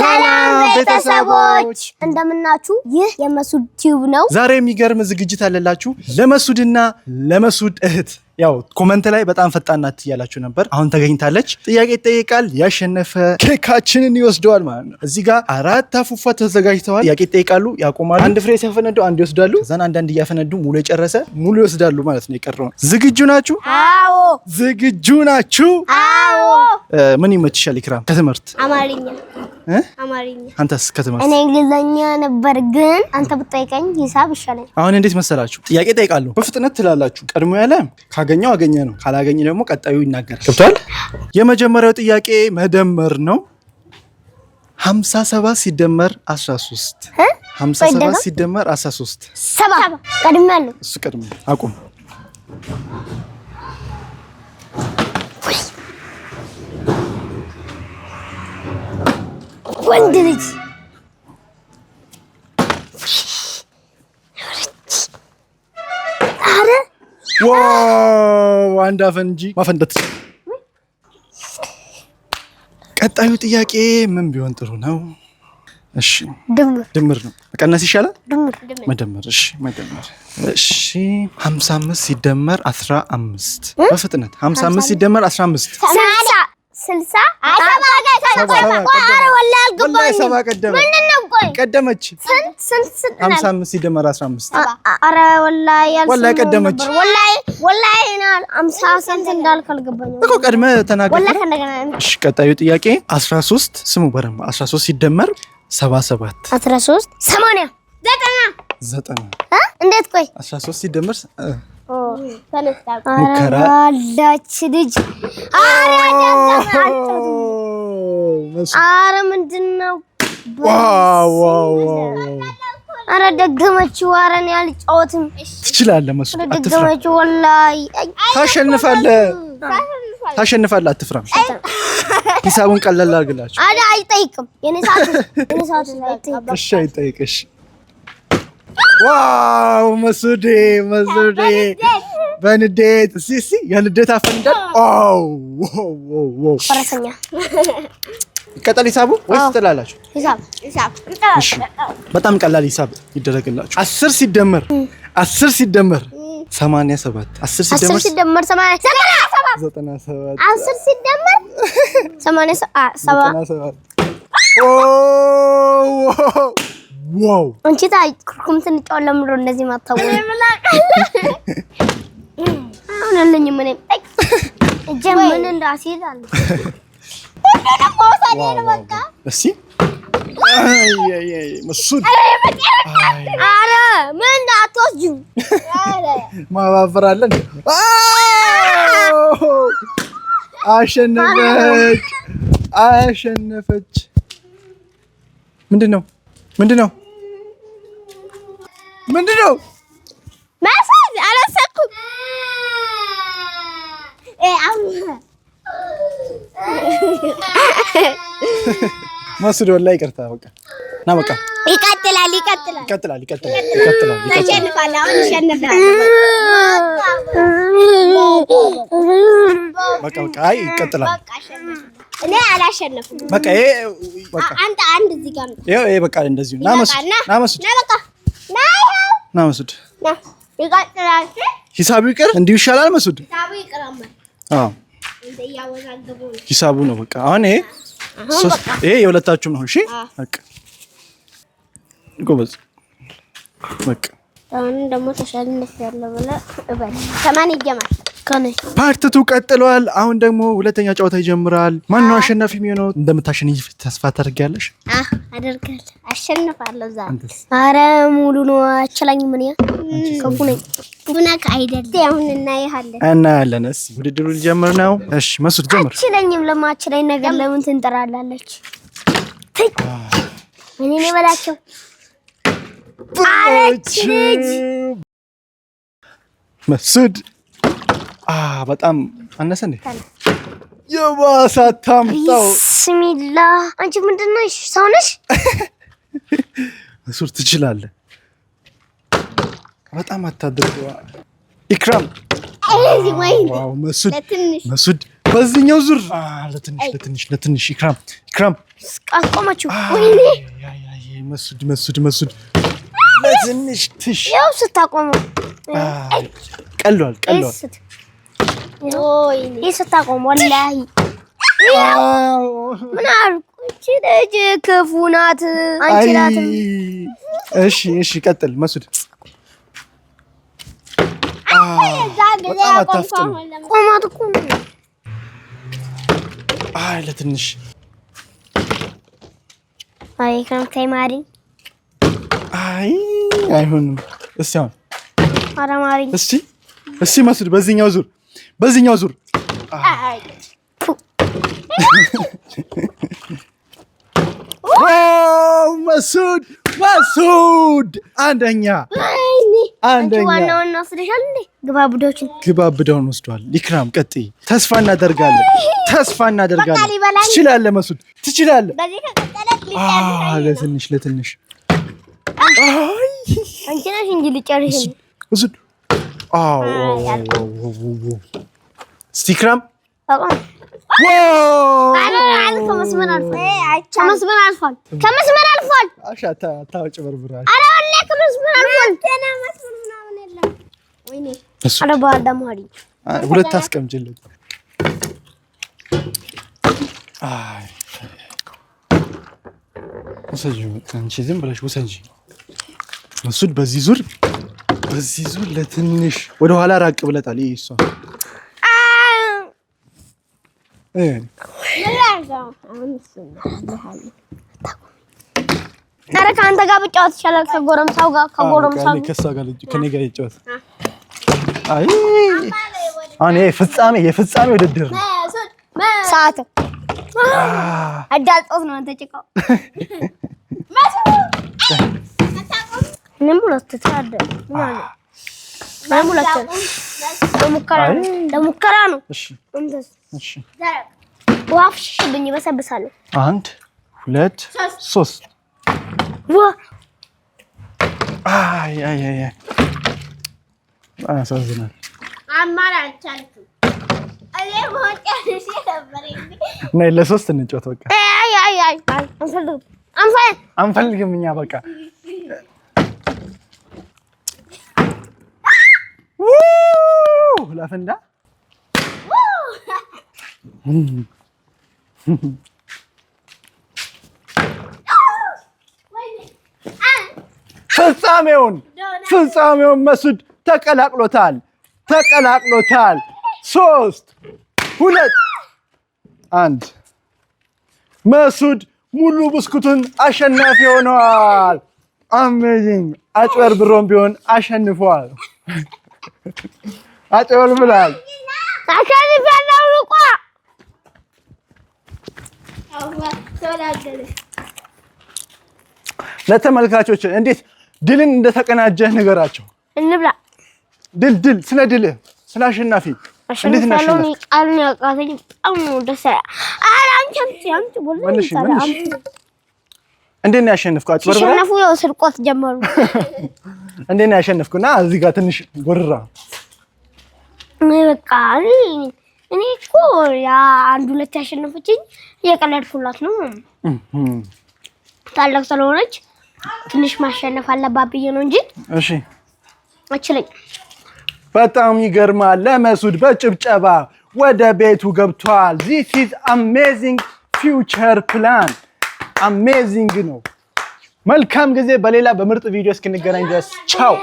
ሰላም ቤተሰቦች እንደምናችሁ። ይህ የመሱድ ቲዩብ ነው። ዛሬ የሚገርም ዝግጅት አለላችሁ ለመሱድና ለመሱድ እህት ያው ኮመንት ላይ በጣም ፈጣን ናት እያላችሁ ነበር። አሁን ተገኝታለች። ጥያቄ ይጠይቃል፣ ያሸነፈ ኬካችንን ይወስደዋል ማለት ነው። እዚህ ጋር አራት አፉፋ ተዘጋጅተዋል። ጥያቄ ይጠይቃሉ፣ ያቆማሉ። አንድ ፍሬ ሲያፈነዱ አንድ ይወስዳሉ። ከዛን አንዳንድ እያፈነዱ ሙሉ የጨረሰ ሙሉ ይወስዳሉ ማለት ነው። የቀረውን ዝግጁ ናችሁ? አዎ። ዝግጁ ናችሁ? አዎ። ምን ይመችሻል? ይክራም ከትምህርት አማርኛ አንተስ ከተማስ? እኔ እንግሊዘኛ ነበር፣ ግን አንተ ብጠይቀኝ ሂሳብ ይሻለኝ። አሁን እንዴት መሰላችሁ? ጥያቄ ጠይቃለሁ፣ በፍጥነት ትላላችሁ። ቀድሞ ያለ ካገኘው አገኘ ነው፣ ካላገኘ ደግሞ ቀጣዩ ይናገራል። ገብቷል? የመጀመሪያው ጥያቄ መደመር ነው። 57 ሲደመር 13 57 ሲደመር 13 ሰባ። ቀድሜ እሱ ቀድሜ አቁም ወንድ ልጅ አረ ዋው! አንድ አፈንጂ እንጂ ማፈንደት። ቀጣዩ ጥያቄ ምን ቢሆን ጥሩ ነው? እሺ ድምር ነው መቀነስ ይሻላል? መደመር። እሺ መደመር። እሺ 55 ሲደመር 15 በፍጥነት 55 ሲደመር 15 ስልሳ ቀደመች። ሲደመር አስራ አምስት ኧረ ወላሂ ቀደመች። ወላሂ ቀጣዩ ጥያቄ አስራ ሦስት ስሙ በደምብ አስራ ሦስት ሲደመር ሰባ ሰባት አስራ ሦስት ሰማንያ ዘጠና ዘጠና እንዴት ቆይ አስራ ሦስት ሲደመር ሙከራ አላች ልጅ አረ ምንድን ነው? አረ ደገመችው። አረ እኔ አልጫወትም። ትችላለህ ደገመችው። ወላሂ ታሸንፋለህ፣ ታሸንፋለህ። አትፍራ። ሂሳቡን ቀለል አድርግላችሁ። አይጠይቅም። አይጠይቅም። እሺ አይጠይቅሽ ዋው መስዴ መስዴ በንዴት እስኪ እስኪ የንዴት አፈንዳል። ይቀጠል ሂሳቡ ወይስ ትላላችሁ? በጣም ቀላል ሂሳብ ይደረግላችሁ። አስር ሲደመር አስር ሲደመር ሰማንያ ሰባት አስር ሲደመር ዘጠና ሰባት አስር ሲደመር ሰማንያ ሰባት ዋው አንቺ ታይ ኩርኩም ስንጫወት ለምሮ እንደዚህ ማታወቅ አሁን አለኝ ምን ምን እንዳሲል አለ ማባፈራለን አሸነፈች። አሸነፈች ምንድን ነው ምንድን ነው? ምንድን ነው መሳጅ? አላሰኩም። መስድ ወላሂ ይቅርታ። በቃ ና በቃ ይቀጥላል፣ ይቀጥላል፣ ይቀጥላል፣ ይቀጥላል፣ ይቀጥላል። አሁን ይሸንፋል። በቃ በቃ። አይ ይቀጥላል። በቃ ይሄ አንድ እዚህ ጋር ይሄ በቃ እንደዚሁ ና መስድ ና መስድ ና በቃ ና መስድ ሂሳቡ ይቅር እንዲሁ ይሻላል። መስድ ሂሳቡ ነው በቃ። አሁን ይሄ የሁለታችሁም ነው። እሺ ጎበዝ በቃ። አሁን ደግሞ ተሸንፍ ያለ ብለህ እበል ሰማንያ ይጀመር ፓርት ቱ ቀጥሏል። አሁን ደግሞ ሁለተኛ ጨዋታ ይጀምራል። ማነው አሸናፊ የሚሆነው? እንደምታሸንፊ ተስፋ ታደርጊያለሽ? አደርጋል አሸንፋለሁ። ኧረ ሙሉ ነው። አችላኝ ምን ክፉ ነኝ። ቡና አይደለም አሁን እናያለን፣ እናያለን። እስኪ ውድድሩ ሊጀምር ነው። እሺ መሱት ጀምር። አችለኝም። ለማችላኝ ነገር ለምን ትንጠራላለች? እኔ በላቸው አለች ልጅ መሱድ በጣም አነሰ እንዴ? የባሰ አታምጣው። ቢስሚላ አንቺ ምንድን ነሽ? ሰው ነሽ? እሱር ትችላለህ። በጣም አታድርገዋ። ኢክራም መሱድ በዚህኛው ዙር ለትንሽ ለትንሽ ለትንሽ ኢክራም ኢክራም አስቆማችሁ። ወይኔ መሱድ መሱድ መሱድ ለትንሽ ትሽ ያው ስታቆመው ቀሏል ቀሏል ስታቆም ወላሂ ምን አልኩች ልጅ ክፉ ናት። አንችላትም። እሺ እሺ፣ ቀጥል መስድ ቆማት እኮ ለትንሽ ከምታይ ማሪ አይ አይሆንም። እስኪ አሁን እስኪ እስኪ መስድ በዚህኛው ዙር በዚህኛው ዙር መሱድ መሱድ አንደኛ ግባብዳውን ወስዷል። ኢክራም ቀጥይ። ተስፋ እናደርጋለን፣ ተስፋ እናደርጋለን። ትችላለህ መሱድ፣ ትችላለህ። ለትንሽ ለትንሽ እንጂ ልጨርሽ ስቲክራም ከመስመር አልፏል። ከመስመር አልፏል። አታጭበርብር። ሁለት አስቀምጪልኝ። ዝም ብለሽ ውሰጂ። እሱን በዚህ ዙር በዚህ ዙር ለትንሽ ወደኋላ ራቅ ብለጣል። ኧረ ከአንተ ጋር ብጫወት ይሻላል። ከጎረምሳው ጋር ከጎረምሳው ከእሷ ጋር ከእኔ ጋር ይጫወት። አይ አሁን ይሄ ፍጻሜ የፍጻሜ ውድድር ነው። ሰዓት አዳልጦት ነው አንተ ጭቃው ምንም በሙላችን ለሙከራ ነው ለሙከራ ነው። እሺ እሺ ይበሰብሳለሁ። አንድ ሁለት ሶስት። አይ ለሶስት እንጫወት በቃ። አንፈልግም እኛ በቃ ለፍንዳ ፍጻሜውን ፍጻሜውን መስድ ተቀላቅሎታል ተቀላቅሎታል። ሶስት ሁለት አንድ መሱድ ሙሉ ብስኩቱን አሸናፊ ሆነዋል። አሜዚንግ! አጭበርብሮም ቢሆን አሸንፈዋል። አጨበልብላል። ለተመልካቾች እንዴት ድልን እንደተቀናጀህ ንገራቸው። እንብላ ድል ድል፣ ስለ ድልህ ስለ አሸናፊ እንዴት እናሸንፍ? እንዴት ነው ስርቆት ጀመሩ እንዴት ነው ያሸነፍኩና እዚህ ጋር ትንሽ ጎርራ በቃ እኔ እኮ ያ አንድ ሁለት ያሸነፈችኝ እየቀለድኩላት ነው። ታላቅ ስለሆነች ትንሽ ማሸነፍ አለባት ብዬ ነው እንጂ እሺ፣ አችለኝ። በጣም ይገርማል። ለመሱድ በጭብጨባ ወደ ቤቱ ገብቷል። ዚስ ኢዝ አሜዚንግ ፊውቸር ፕላን አሜዚንግ ነው። መልካም ጊዜ። በሌላ በምርጥ ቪዲዮ እስክንገናኝ ድረስ ቻው።